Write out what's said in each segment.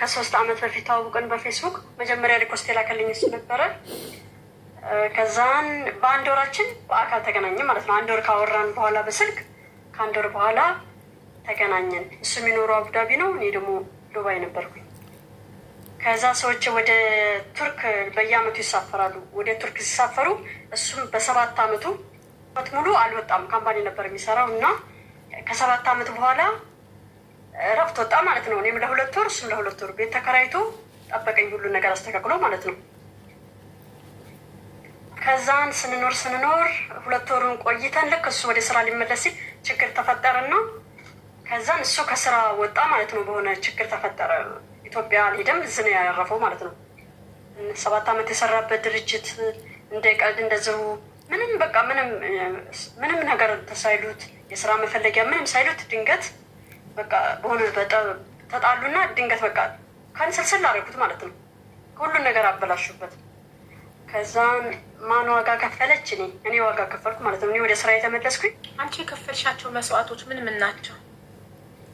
ከሶስት አመት በፊት ተዋውቀን በፌስቡክ መጀመሪያ ሪኮስት የላከልኝ እሱ ነበረ። ከዛን በአንድ ወራችን በአካል ተገናኘን ማለት ነው። አንድ ወር ካወራን በኋላ በስልክ ከአንድ ወር በኋላ ተገናኘን። እሱ የሚኖሩ አቡዳቢ ነው፣ እኔ ደግሞ ዱባይ ነበርኩኝ። ከዛ ሰዎች ወደ ቱርክ በየአመቱ ይሳፈራሉ። ወደ ቱርክ ሲሳፈሩ እሱም በሰባት አመቱ ሙሉ አልወጣም። ካምፓኒ ነበር የሚሰራው እና ከሰባት አመት በኋላ ወጣ ማለት ነው። እኔም ለሁለት ወር እሱም ለሁለት ወር ቤት ተከራይቶ ጠበቀኝ፣ ሁሉን ነገር አስተካክሎ ማለት ነው። ከዛን ስንኖር ስንኖር ሁለት ወሩን ቆይተን ልክ እሱ ወደ ስራ ሊመለስ ሲል ችግር ተፈጠረና ከዛን እሱ ከስራ ወጣ ማለት ነው። በሆነ ችግር ተፈጠረ። ኢትዮጵያ አልሄደም፣ እዚህ ነው ያረፈው ማለት ነው። ሰባት ዓመት የሰራበት ድርጅት እንደ ቀልድ እንደዚሁ ምንም በቃ ምንም ምንም ነገር ሳይሉት የስራ መፈለጊያ ምንም ሳይሉት ድንገት በቃ በሆነ ተጣሉና ድንገት በቃ ከአንድ ስልስል አደረኩት ማለት ነው። ሁሉን ነገር አበላሹበት። ከዛን ማን ዋጋ ከፈለች? እኔ እኔ ዋጋ ከፈልኩ ማለት ነው። እኔ ወደ ስራ የተመለስኩኝ። አንቺ የከፈልሻቸው መስዋዕቶች ምን ምን ናቸው?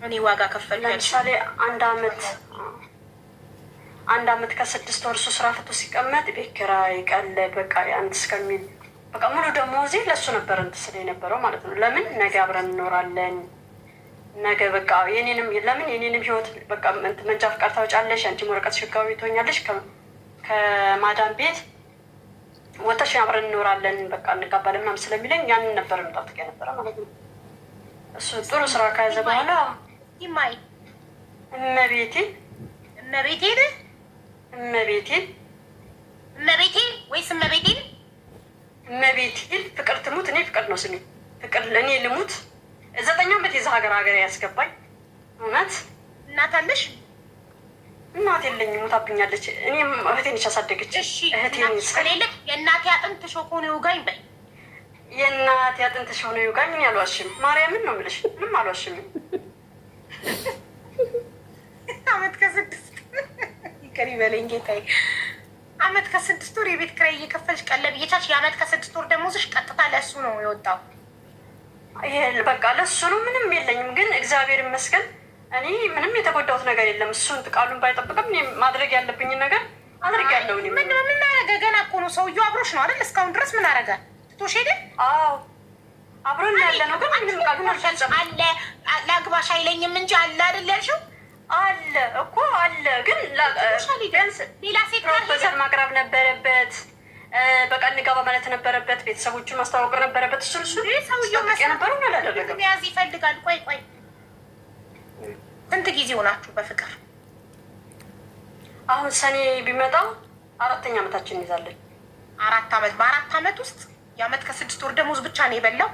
እኔ ዋጋ ከፈል። ለምሳሌ አንድ አመት አንድ አመት ከስድስት ወር እሱ ስራ ፍቶ ሲቀመጥ ቤት ኪራይ፣ ቀለብ በቃ አንድ እስከሚል በቃ ሙሉ እዚህ ለእሱ ነበር እንትን ስለ የነበረው ማለት ነው። ለምን ነገ አብረን እንኖራለን ነገ በቃ የኔንም ለምን የኔንም ህይወት በቃ መንጃ ፍቃድ ታወጫለሽ፣ አንቺም ወረቀት ሽጋዊ ትሆኛለሽ፣ ከማዳም ቤት ወጥተሽ አብረን እንኖራለን፣ በቃ እንጋባለን ምናምን ስለሚለኝ ያንን ነበር ምጣጥቅ ነበረ ማለት ነው። እሱ ጥሩ ስራ ከያዘ በኋላ ይማይ እመቤቴ እመቤቴን እመቤቴን እመቤቴ ወይስ እመቤቴን እመቤቴ ፍቅር ትሙት እኔ ፍቅር ነው ስሜ ፍቅር ለእኔ ልሙት ዘጠኛው ቤት የዛ ሀገር ሀገር ያስገባኝ እውነት። እናት አለሽ? እናት የለኝም፣ ሞታብኛለች። እኔም እህቴን ያሳደገች እህቴን ስለሌለ የእናቴ አጥንት ሾክ ሆኖ ይውጋኝ በይ። የእናቴ አጥንት ሾክ ሆኖ ይውጋኝ። እኔ አልዋሽም፣ ማርያምን ነው የምልሽ፣ ምንም አልዋሽም። አመት ከስድስት ይቅር ይበለኝ ጌታዬ። አመት ከስድስት ወር የቤት ክራይ እየከፈልሽ ቀለብ እየቻልሽ፣ የአመት ከስድስት ወር ደሞዝሽ ቀጥታ ለእሱ ነው የወጣው። ይሄ በቃ ለእሱ ነው ምንም የለኝም። ግን እግዚአብሔር ይመስገን እኔ ምንም የተጎዳሁት ነገር የለም። እሱን ቃሉን ባይጠብቅም ማድረግ ያለብኝን ነገር አድርጊያለሁ። ምን የምናረገ? ገና እኮ ነው ሰውዬው አብሮሽ ነው አይደል? እስካሁን ድረስ ምን አረገ? ትቶሽ ሄደ? አዎ አብሮን ያለ ነው። ግን ምንም ቃሉን አልፈጸም አለ። ለአግባሽ አይለኝም እንጂ አለ አይደል ያልሽው? አለ እኮ አለ። ግን ሌላ ሴት ማቅረብ ነበረበት በቃ እንጋባ ማለት ነበረበት። ቤተሰቦቹን ማስታወቅ ነበረበት። እሱ እሱ ነበረው አላደረገም። ያዝ ይፈልጋል። ቆይ ቆይ ስንት ጊዜ ሆናችሁ በፍቅር? አሁን ሰኔ ቢመጣው አራተኛ አመታችን ይዛለን። አራት አመት በአራት አመት ውስጥ የአመት ከስድስት ወር ደሞዝ ብቻ ነው የበላው።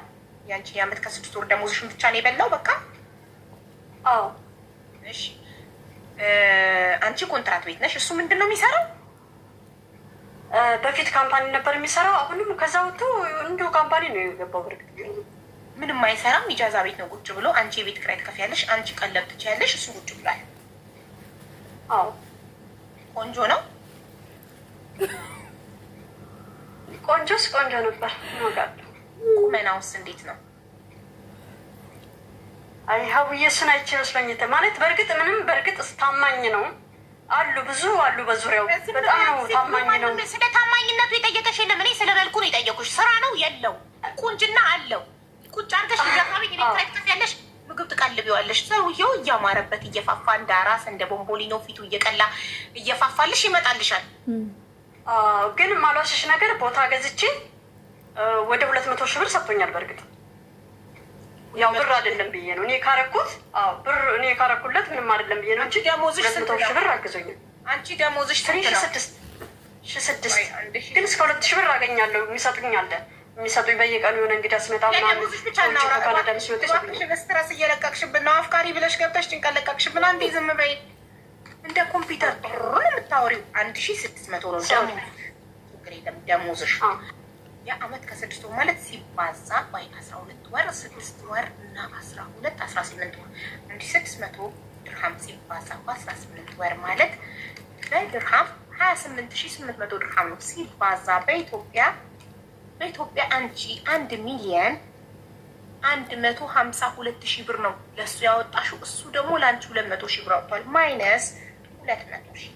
ያንቺ የአመት ከስድስት ወር ደሞዝሽን ብቻ ነው የበላው። በቃ አዎ። እሺ አንቺ ኮንትራት ቤት ነሽ፣ እሱ ምንድን ነው የሚሰራው? በፊት ካምፓኒ ነበር የሚሰራው። አሁንም ከዛ ወጥቶ እንዲሁ ካምፓኒ ነው የገባው። በርግጥ ምንም አይሰራም። ኢጃዛ ቤት ነው ቁጭ ብሎ። አንቺ የቤት ኪራይ ትከፍያለሽ፣ አንቺ ቀለብ ትችያለሽ፣ እሱ ቁጭ ብሏል። አዎ ቆንጆ ነው። ቆንጆስ ቆንጆ ነበር። ቁመናውስ እንዴት ነው? አይ ሀውዬ እሱን አይቼ መስሎኝ ማለት በእርግጥ ምንም በእርግጥ ስታማኝ ነው አሉ ብዙ አሉ በዙሪያው በጣም ነው ታማኝ ነው። ስለ ታማኝነቱ የጠየቀሽ የለም። እኔ ስለ መልኩ ነው የጠየኩሽ። ስራ ነው የለው ቁንጅና አለው። ቁጭ አድርገሽ አካባቢ ኤሌክትራይክ ያለሽ ምግብ ትቀልቢዋለሽ። ሰውየው እያማረበት እየፋፋ እንደ አራስ እንደ ቦምቦሊኖ ፊቱ እየቀላ እየፋፋልሽ ይመጣልሻል። ግን ማሏሸሽ ነገር ቦታ ገዝቼ ወደ ሁለት መቶ ሺህ ብር ሰጥቶኛል በእርግጥ ያው ብር አይደለም ብዬ ነው እኔ ካረኩት። አዎ ብር እኔ ካረኩለት ምንም አይደለም ብዬ ነው እንጂ ደሞዝሽ ስንት ነው? ብር አግዞኝ። አንቺ ደሞዝሽ ስንት ነው? ሺህ ስድስት ግን እስከ ሁለት ሺህ ብር አገኛለሁ። የሚሰጡኝ አለ የሚሰጡኝ በየቀኑ የሆነ እንግዳ ሲመጣ በስትረስ እየለቀቅሽብን ነው። አፍቃሪ ብለሽ ገብተሽ ጭንቀት ለቀቅሽብን። አንዴ ዝም በይ። እንደ ኮምፒውተር ጥሩን የምታወሪው አንድ ሺህ ስድስት መቶ ነው ደሞዝሽ። የአመት ከስድስት ማለት ሲባዛ ወይም አስራ ሁለት ወር ስድስት ወር እና አስራ ሁለት አስራ ስምንት ወር እንዲ ስድስት መቶ ድርሃም ሲባዛ በአስራ ስምንት ወር ማለት በድርሃም ሀያ ስምንት ሺ ስምንት መቶ ድርሃም ነው ሲባዛ በኢትዮጵያ በኢትዮጵያ አንቺ አንድ ሚሊየን አንድ መቶ ሀምሳ ሁለት ሺህ ብር ነው ለእሱ ያወጣሽው። እሱ ደግሞ ለአንቺ ሁለት መቶ ሺህ ብር አውጥቷል። ማይነስ ሁለት መቶ ሺህ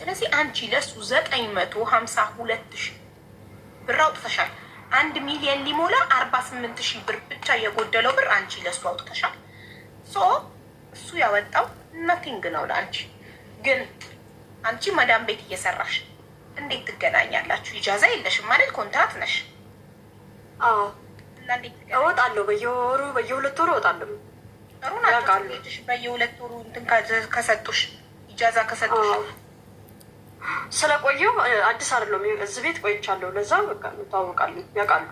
ስለዚህ አንቺ ለእሱ ዘጠኝ መቶ ሀምሳ ሁለት ሺህ ብር አውጥተሻል። አንድ ሚሊየን ሊሞላ አርባ ስምንት ሺህ ብር ብቻ የጎደለው ብር አንቺ ለሱ አውጥተሻል። ሶ እሱ ያወጣው ነቲንግ ነው ለአንቺ። ግን አንቺ መዳም ቤት እየሰራሽ እንዴት ትገናኛላችሁ? ኢጃዛ የለሽም ማለት ኮንትራት ነሽ። እወጣለሁ፣ በየወሩ በየሁለት ወሩ እወጣለሁ። ሩና በየሁለት ወሩ እንትን ከሰጡሽ ኢጃዛ ከሰጡሽ ስለቆየው አዲስ አይደለም። እዚህ ቤት ቆይቻለሁ። ለዛ በቃ ታወቃሉ፣ ያውቃሉ።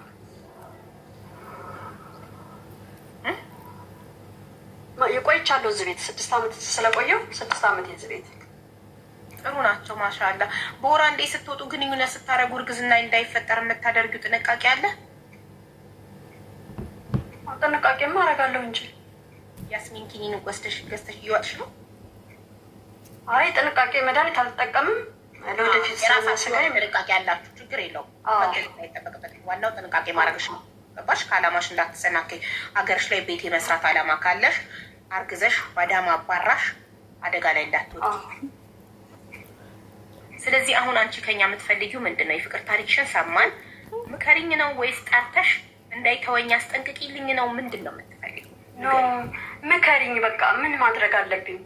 ቆይቻለሁ እዚህ ቤት ስድስት ዓመት ስለቆየው ስድስት ዓመት የዚህ ቤት ጥሩ ናቸው። ማሻላ በወር አንዴ ስትወጡ ግንኙነት ስታደርጉ እርግዝና እንዳይፈጠር የምታደርጊው ጥንቃቄ አለ? ጥንቃቄማ አደርጋለሁ እንጂ ያስሚን ኪኒን ወስደሽ ገዝተሽ እየዋጥሽ ነው? አይ ጥንቃቄ መድኃኒት አልጠቀምም። ለወደፊት የራሳችሁ ጥንቃቄ ያላችሁ ችግር የለውም። አይጠበቅበት ዋናው ጥንቃቄ ማድረግሽ ነው። ገባሽ? ከአላማሽ እንዳትሰናከኝ። አገርሽ ላይ ቤት የመስራት አላማ ካለሽ አርግዘሽ ባዳም አባራሽ አደጋ ላይ እንዳትወጪ። ስለዚህ አሁን አንቺ ከኛ የምትፈልጊው ምንድን ነው? የፍቅር ታሪክሽን ሰማን፣ ምከሪኝ ነው ወይስ ጠርተሽ እንዳይተወኝ አስጠንቅቂልኝ ነው? ምንድን ነው የምትፈልጊው? ምከሪኝ፣ በቃ ምን ማድረግ አለብኝ?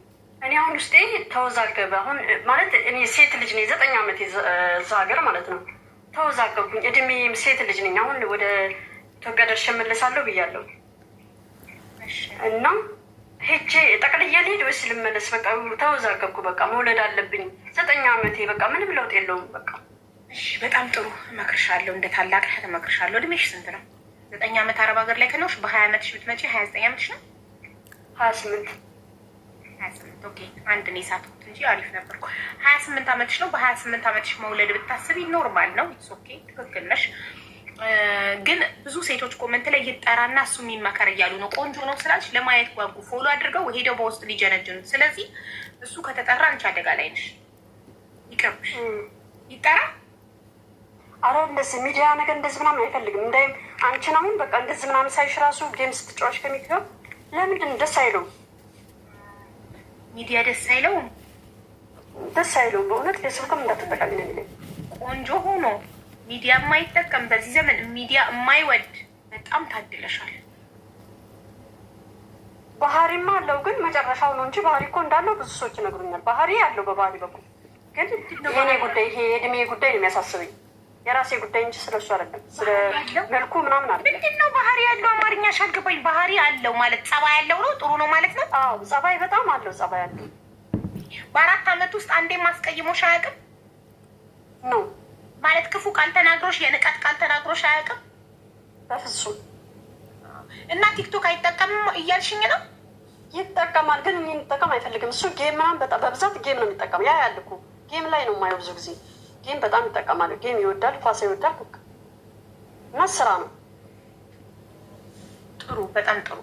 እኔ አሁን ውስጤ ተወዛገበ። አሁን ማለት እኔ ሴት ልጅ ነኝ፣ ዘጠኝ ዓመት እዛ ሀገር ማለት ነው። ተወዛገብኩኝ። እድሜ ሴት ልጅ ነኝ። አሁን ወደ ኢትዮጵያ ደርሼ እመለሳለሁ ብያለሁ እና ሄቼ ጠቅልዬ ልሄድ ወይስ ልመለስ? በቃ ተወዛገብኩ። በቃ መውለድ አለብኝ። ዘጠኝ ዓመቴ በቃ ምንም ለውጥ የለውም። በቃ በጣም ጥሩ እመክርሻለሁ፣ እንደ ታላቅ እመክርሻለሁ። እድሜሽ ስንት ነው? ዘጠኝ ዓመት አረብ ሀገር ላይ ከኖርሽ በሀያ ዓመትሽ ብትመጪ ሀያ ዘጠኝ ዓመትሽ ነው ሀያ ስምንት ኦኬ አንድ ነው የሳትኩት እንጂ አሪፍ ነበርኩ። ሀያ ስምንት አመትሽ ነው። በሀያ ስምንት አመትሽ መውለድ ብታስቢ ኖርማል ነው። ኢትስ ኦኬ ትክክል ነሽ። ግን ብዙ ሴቶች ኮመንት ላይ ይጠራና እሱ የሚመከር እያሉ ነው። ቆንጆ ነው ስላልሽ ለማየት ጓጉ፣ ፎሎ አድርገው ሄደው በውስጥ ሊጀነጅኑት። ስለዚህ እሱ ከተጠራ አንቺ አደጋ ላይ ነሽ። ይቅርብሽ ይጠራ። አረ እንደዚህ ሚዲያ ነገር እንደዚህ ምናምን አይፈልግም። እንዳይም አንቺን አሁን በቃ እንደዚህ ምናምን ሳይሽ ራሱ ጌም ስትጫዋች ከሚክለው ለምንድን ደስ አይለውም ሚዲያ ደስ አይለውም፣ ደስ አይለውም። በእውነት ፌስቡክም እንዳትጠቃሚ ቆንጆ ሆኖ ሚዲያ የማይጠቀም በዚህ ዘመን ሚዲያ የማይወድ በጣም ታድለሻል። ባህሪም አለው ግን መጨረሻው ነው እንጂ ባህሪ እኮ እንዳለው ብዙ ሰዎች ይነግሩኛል። ባህሪ አለው በባህሪ በኩል ግን የኔ ጉዳይ ይሄ የእድሜ ጉዳይ ነው የሚያሳስበኝ። የራሴ ጉዳይ እንጂ ስለ እሱ አይደለም። ስለ መልኩ ምናምን አለ ምንድን ነው ባህሪ ያለው አማርኛ ሻግባኝ ባህሪ አለው ማለት ጸባይ ያለው ነው። ጥሩ ነው ማለት ነው። አዎ ጸባይ በጣም አለው። ጸባይ አለው። በአራት አመት ውስጥ አንዴ ማስቀይሞሽ አያውቅም ነው ማለት ክፉ ቃል ተናግሮሽ፣ የንቀት ቃል ተናግሮሽ አያውቅም በፍጹም። እና ቲክቶክ አይጠቀምም እያልሽኝ ነው? ይጠቀማል፣ ግን እኔን እንጠቀም አይፈልግም እሱ። ጌም ምናምን በብዛት ጌም ነው የሚጠቀም። ያ ያልኩ ጌም ላይ ነው የማየው ብዙ ጊዜ ጌም በጣም ይጠቀማሉ። ጌም ይወዳል፣ ኳስ ይወዳል እና ስራ ነው። ጥሩ በጣም ጥሩ።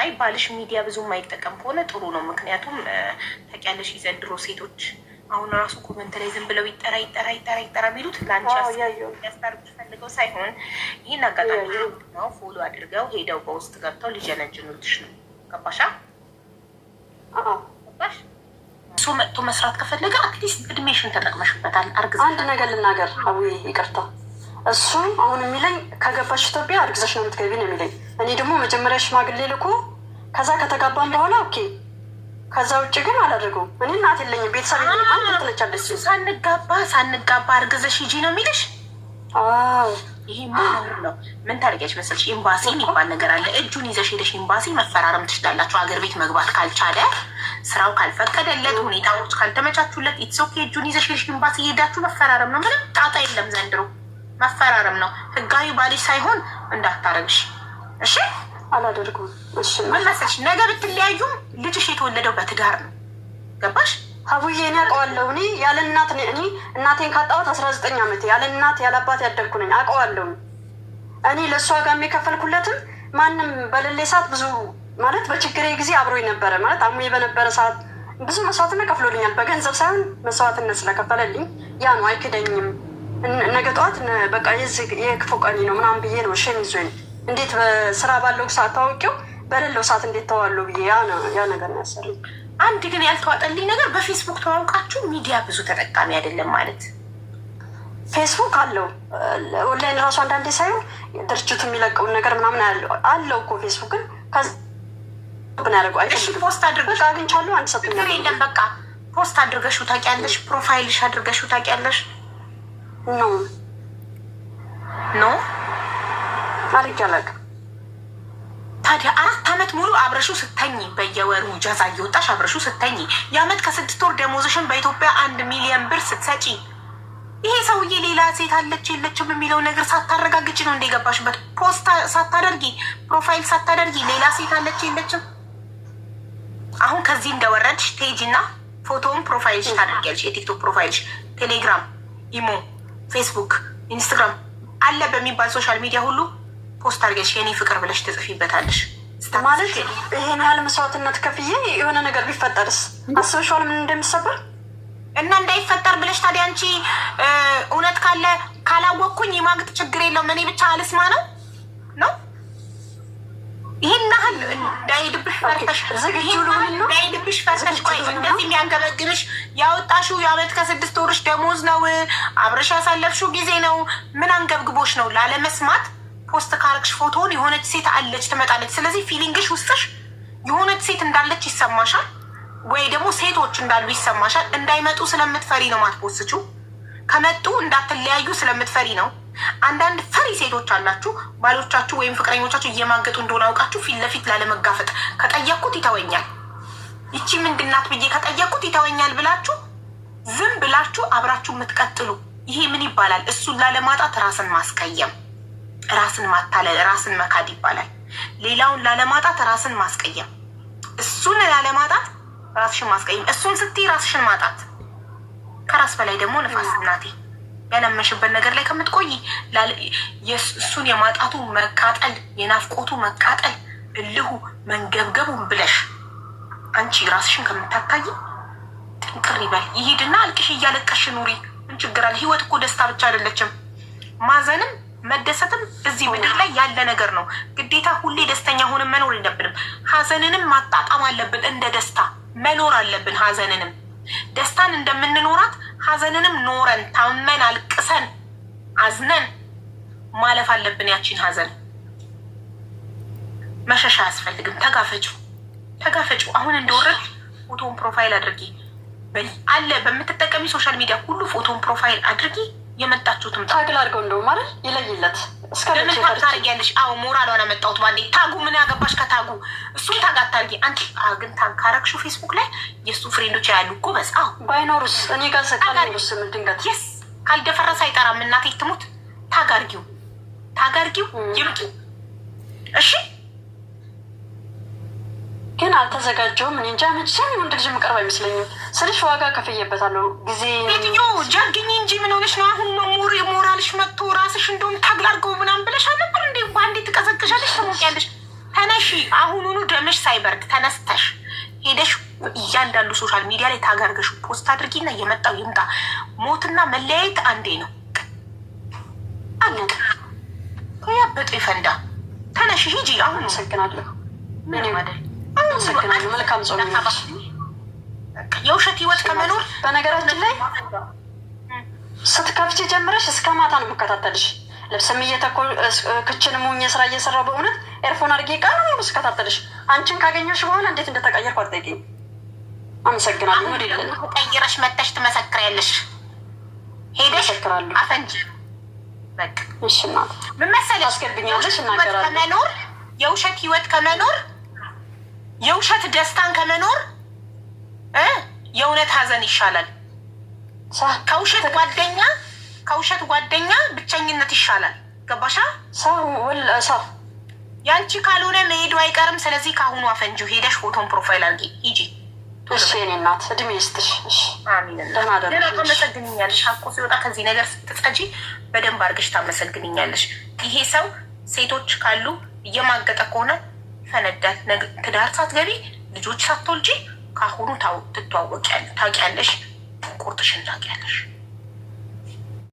አይ ባልሽ ሚዲያ ብዙ የማይጠቀም ከሆነ ጥሩ ነው። ምክንያቱም ታውቂያለሽ የዘንድሮ ሴቶች አሁን ራሱ ኮመንት ላይ ዝም ብለው ይጠራ ይጠራ ይጠራ ይጠራ ቢሉት ለአንቺ ያስታርጉሽ ፈልገው ሳይሆን ይህን አጋጣሚ ነው ፎሎ አድርገው ሄደው በውስጥ ገብተው ሊጀነጅኑትሽ ነው። ገባሻ ገባሽ? እሱ መጥቶ መስራት ከፈለገ አትሊስት እድሜሽን ተጠቅመሽበታል። አርግዘሽ አንድ ነገር ልናገር አዊ ይቅርታ። እሱም አሁን የሚለኝ ከገባሽ ኢትዮጵያ አርግዘሽ ነው የምትገቢ ነው የሚለኝ። እኔ ደግሞ መጀመሪያ ሽማግሌ ልኮ ከዛ ከተጋባን በኋላ ኦኬ። ከዛ ውጭ ግን አላደርገውም። እኔ እናት የለኝም ቤተሰብ አንድ ትለቻለች። ሳንጋባ ሳንጋባ አርግዘሽ ሂጂ ነው የሚልሽ። ይሄ ምንር ነው ምን ታደርጊያለሽ መሰልሽ? ኤምባሲ የሚባል ነገር አለ። እጁን ይዘሽ ሄደሽ ኤምባሲ መፈራረም ትችላላችሁ። ሀገር ቤት መግባት ካልቻለ ስራው ካልፈቀደለት፣ ሁኔታዎች ካልተመቻቹለት ኢትስኬ እጁን ይዘሽ ልሽ እየሄዳችሁ መፈራረም ነው። ምንም ጣጣ የለም ዘንድሮ መፈራረም ነው። ህጋዊ ባሌ ሳይሆን እንዳታረግሽ። እሺ አላደርጉም። እሺ ምን መሰለሽ፣ ነገ ብትለያዩም ልጅሽ የተወለደው በትዳር ነው። ገባሽ? አቡዬ እኔ አውቀዋለሁ። እኔ ያለ እናት እኔ እናቴን ካጣሁት አስራ ዘጠኝ ዓመት ያለ እናት ያለ አባት ያደግኩ ነኝ። አውቀዋለሁ። እኔ ለእሷ ጋር የከፈልኩለትም ማንም በሌሌ ሰዓት ብዙ ማለት በችግሬ ጊዜ አብሮ ነበረ። ማለት አሙ በነበረ ሰዓት ብዙ መስዋዕትነት ከፍሎልኛል። በገንዘብ ሳይሆን መስዋዕትነት ስለከፈለልኝ ያ ነው አይክደኝም። ነገ ጠዋት በቃ የክፉ ቀኒ ነው ምናምን ብዬ ነው ሸም ይዞኝ እንዴት በስራ ባለው ሰዓት ታወቂው በሌለው ሰዓት እንዴት ተዋሉ ብዬ ያ ነገር ነው ያሰሩ። አንድ ግን ያልተዋጠልኝ ነገር በፌስቡክ ተዋውቃችሁ ሚዲያ ብዙ ተጠቃሚ አይደለም ማለት ፌስቡክ አለው ኦንላይን ራሱ አንዳንዴ ሳይሆን ድርጅቱ የሚለቀውን ነገር ምናምን አለው እኮ ፌስቡክን ፖስት አድርገሽ አግኝቻለሁ። አንድ ሰው የለም። በቃ ፖስት አድርገሽ ታውቂያለሽ፣ ፕሮፋይልሽ አድርገሽ ታውቂያለሽ። ኖ ኖ አድርጌ ታዲያ አራት አመት ሙሉ አብረሹ ስተኝ፣ በየወሩ ጃዛ እየወጣሽ አብረሹ ስተኝ፣ የአመት ከስድስት ወር ደሞዝሽን በኢትዮጵያ አንድ ሚሊዮን ብር ስትሰጪ፣ ይሄ ሰውዬ ሌላ ሴት አለች የለችም የሚለው ነገር ሳታረጋግጭ ነው እንደገባሽበት። ፖስት ሳታደርጊ፣ ፕሮፋይል ሳታደርጊ ሌላ ሴት አለች የለችም አሁን ከዚህ እንደወረድሽ እና ፎቶውን ፕሮፋይልሽ ታደርጊያለሽ። የቲክቶክ ፕሮፋይልሽ፣ ቴሌግራም፣ ኢሞ፣ ፌስቡክ፣ ኢንስትግራም አለ በሚባል ሶሻል ሚዲያ ሁሉ ፖስት አድርገሽ የኔ ፍቅር ብለሽ ትጽፊበታለሽ። ማለት ይሄን ያህል መስዋዕትነት ከፍዬ የሆነ ነገር ቢፈጠርስ አስበሽዋል? ምን እንደሚሰበር እና እንዳይፈጠር ብለሽ ታዲያ አንቺ እውነት ካለ ካላወቅኩኝ የማግጥ ችግር የለውም እኔ ብቻ አልስማ ነው ነው ይህን ያህል እንዳይሄድብሽ ፈርተሽ ዝግጁ ልሆን ፈርተሽ ቆይ እንደዚህ የሚያንገበግብሽ ያወጣሽው የአመት ከስድስት ወርሽ ደሞዝ ነው፣ አብረሽ ያሳለፍሽው ጊዜ ነው። ምን አንገብግቦሽ ነው? ላለመስማት ፖስት ካረግሽ ፎቶን የሆነች ሴት አለች ትመጣለች። ስለዚህ ፊሊንግሽ ውስጥሽ የሆነች ሴት እንዳለች ይሰማሻል፣ ወይ ደግሞ ሴቶች እንዳሉ ይሰማሻል። እንዳይመጡ ስለምትፈሪ ነው ማትፖስችው። ከመጡ እንዳትለያዩ ስለምትፈሪ ነው። አንዳንድ ፈሪ ሴቶች አላችሁ። ባሎቻችሁ ወይም ፍቅረኞቻችሁ እየማገጡ እንደሆነ አውቃችሁ ፊት ለፊት ላለመጋፈጥ ከጠየቅኩት ይተወኛል፣ ይቺ ምንድናት ብዬ ከጠየቅኩት ይተወኛል ብላችሁ ዝም ብላችሁ አብራችሁ የምትቀጥሉ ይሄ ምን ይባላል? እሱን ላለማጣት ራስን ማስቀየም፣ ራስን ማታለል፣ ራስን መካድ ይባላል። ሌላውን ላለማጣት ራስን ማስቀየም፣ እሱን ላለማጣት ራስሽን ማስቀየም፣ እሱን ስትይ ራስሽን ማጣት ከራስ በላይ ደግሞ ንፋስ እናቴ ያለመሽበት ነገር ላይ ከምትቆይ እሱን የማጣቱ መቃጠል፣ የናፍቆቱ መቃጠል፣ እልሁ መንገብገቡን ብለሽ አንቺ ራስሽን ከምታታይ ጥንቅር ይበል ይሄድና አልቅሽ እያለቀሽ ኑሪ። ምን ችግር አለ? ህይወት እኮ ደስታ ብቻ አይደለችም። ማዘንም መደሰትም እዚህ ምድር ላይ ያለ ነገር ነው። ግዴታ ሁሌ ደስተኛ ሆነን መኖር የለብንም። ሀዘንንም ማጣጣም አለብን። እንደ ደስታ መኖር አለብን። ሀዘንንም ደስታን እንደምንኖራት ሀዘንንም ኖረን ታመን አልቅሰን አዝነን ማለፍ አለብን። ያችን ሀዘን መሸሻ አያስፈልግም። ተጋፈጩ ተጋፈጩ። አሁን እንደወረድ ፎቶን ፕሮፋይል አድርጊ አለ በምትጠቀሚ ሶሻል ሚዲያ ሁሉ ፎቶን ፕሮፋይል አድርጊ። የመጣችሁትም ታግል አድርገው እንደው ማለት ይለይለት ታርጊያለሽ? አዎ ሞራሏን አመጣሁት። ባንዴ ታጉ ምን ያገባሽ ከታጉ እሱም አንቺ ግን ፌስቡክ ላይ የእሱ ፍሬንዶች ያሉ እኮ በስ አዎ ባይኖሩስ እኔ ጋር ካልደፈረሰ አይጠራም። እናቴ ትሙት እሺ ግን አልተዘጋጀውም። እኔ እንጃ መቼም ወንድ ልጅ የምቀርብ አይመስለኝም ስልሽ ዋጋ ከፍዬበታለሁ። ጊዜ ጃግኝ እንጂ ምን ሆነሽ ነው አሁን? መሞር ሞራልሽ መጥቶ ራስሽ እንደውም ታግል ታግላርገው ምናምን ብለሽ አለብር እንዴ? አንዴ ትቀዘቅዣለሽ፣ ትሞቂያለሽ። ተነሺ፣ አሁኑኑ ደምሽ ሳይበርድ ተነስተሽ ሄደሽ እያንዳንዱ ሶሻል ሚዲያ ላይ ታጋርገሽ ፖስት አድርጊና የመጣው ይምጣ። ሞትና መለያየት አንዴ ነው። ያበጡ ይፈንዳ። ተነሽ፣ ሂጂ አሁን። አመሰግናለሁ። ምን አመሰግናለሁ። መልካም ጾም። የውሸት ህይወት ከመኖር በነገራችን ላይ ስትከፍቺ ጀምረሽ እስከ ማታ ነው የምከታተልሽ። ልብስም እየተኮ ክችን ሙኝ ስራ እየሰራው በእውነት ኤርፎን አድርጌ ቀን ሙሉ ስከታተልሽ። አንቺን ካገኘሽ በኋላ እንዴት እንደተቀየርኩ አትጠይቂኝ። አመሰግናለሁ። ተቀይረሽ መጠሽ ትመሰክሪያለሽ። ሄደሽ አፈንጂ ምን መሰለሽ፣ አስገብኛለሽ እናገራለሁ። ከመኖር የውሸት ህይወት ከመኖር የውሸት ደስታን ከመኖር የእውነት ሀዘን ይሻላል። ከውሸት ጓደኛ ከውሸት ጓደኛ ብቸኝነት ይሻላል። ገባሻ? ሰው ያንቺ ካልሆነ መሄዱ አይቀርም። ስለዚህ ከአሁኑ አፈንጆ ሄደሽ ፎቶን ፕሮፋይል አድርጊ ሂጂ። ናት እድሜ ይስጥሽ። ታመሰግንኛለሽ። ሀቆ ሲወጣ ከዚህ ነገር ስትጸጂ በደንብ አርገሽ ታመሰግንኛለሽ። ይሄ ሰው ሴቶች ካሉ እየማገጠ ከሆነ ፈነዳት። ትዳር ሳትገቢ ልጆች ሳትወልጂ ከአሁኑ ታውቅ ትተዋወቂያለሽ፣ ታውቂያለሽ፣ ቁርጥሽን ታውቂያለሽ።